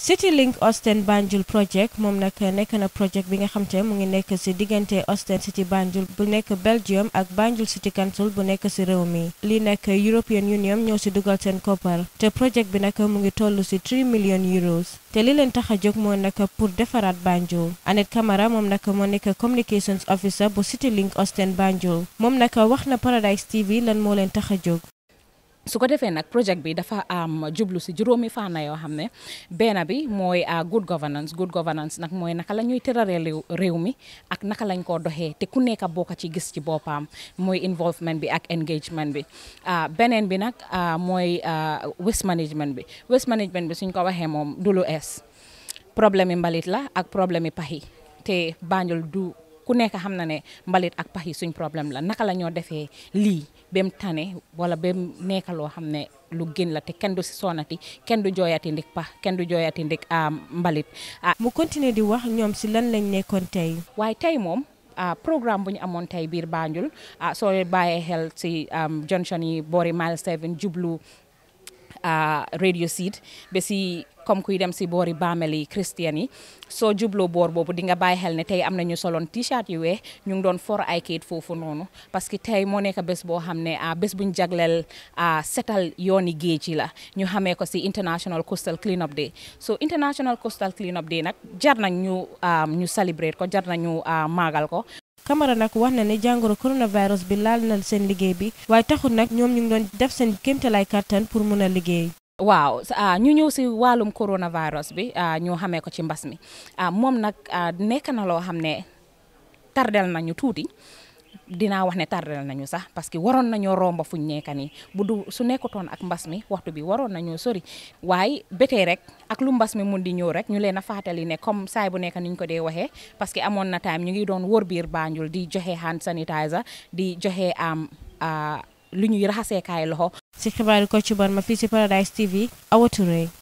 CityLink Austin Banjul project moom nag nekk na project bi nga xam te mu ngi nekk ci diggante Austin City Banjul bu nekk Belgium ak Banjul City Council bu nekk ci réew mi lii nag European Union ñëw ci dugal seen koppar te project bi nag mu ngi toll ci 3 million euros te li leen tax a jóg moo nag pour defaraat Banjul Annette Camara moom nag moo nekk communications officer bu CityLink Austin Banjul moom nag wax na Paradise TV lan moo leen tax a jóg. su ko defee nag projet bi dafa am jublu si juróomi fànna yoo xam ne benn bi mooy ah, good governance good governance nag mooy naka la ñuy tëraree réew mi ak naka lañ koo doxee te ku nekk bokk ci gis ci boppam mooy involvement bi ak engagement bi ah, beneen bi nag ah, mooy waste management bi waste management bi suñ ko waxee moom dulu lu ees problème yi mbalit la ak problème yi pax yi te Banjul du ku nekk xam na ne mbalit ak pax yi suñ problème la naka la ñoo defee lii bem tane wala bem nekka loo xam ne lu gén la te kenn du si sonati kenn du jooyati ndik pax kenn du jooyati ndik ah, mbalit ah mu continuer di wax ñoom si lan lañ nekkoon tey waaye tey moom ah, programme bu ñu amoon tey biir Banjul ah, soo bàyyee xel si junction yi boori mile 7 jublu radio seed ba comme kuy dem si boori baamel yi christian yi soo jubloo boor boobu di nga bàyyi xel ne tey am na ñu soloon t-shirt yu weex ñu ngi doon for ay kayit foofu noonu parce que tey moo nekk bés boo xam ne ah, bés buñ jagleel ah, setal yooni géej yi la ñu xamee ko si international coastal clean up day so international coastal clean up day nag jar nañ ñu ah, ñu celebrate ko jar nañu maagal ko Camara nag wax na ne jàngoro coronavirus bi laal na seen liggéey bi waaye taxul nag ñoom ñu ngi doon def seen kéemtalaay kàttan pour mun liggéey waaw ah, ñu ñëw si wàllum coronavirus bi ah, ñu xamee ko ci mbas mi ah, moom nag nekk na loo xam ne tardel nañu tuuti dina wax ne tardel nañu sax parce que waroon nañoo romba fuñ nekka nii bu du su nekkutoon ak mbas mi waxtu bi waroon nañoo sori waaye bétee rek ak lu mbas mi mun di ñëw rek ñu leen a fàttali ne comme saay bu nekk niñ ko dee waxee parce que amoon na time ñu ngi doon wër biir Banjul di joxe hand sanitizer di joxe am lu ñuy raxasee raxaseekaay loxo. si xibaaru Kocc Barma fii si Paradise TV Awa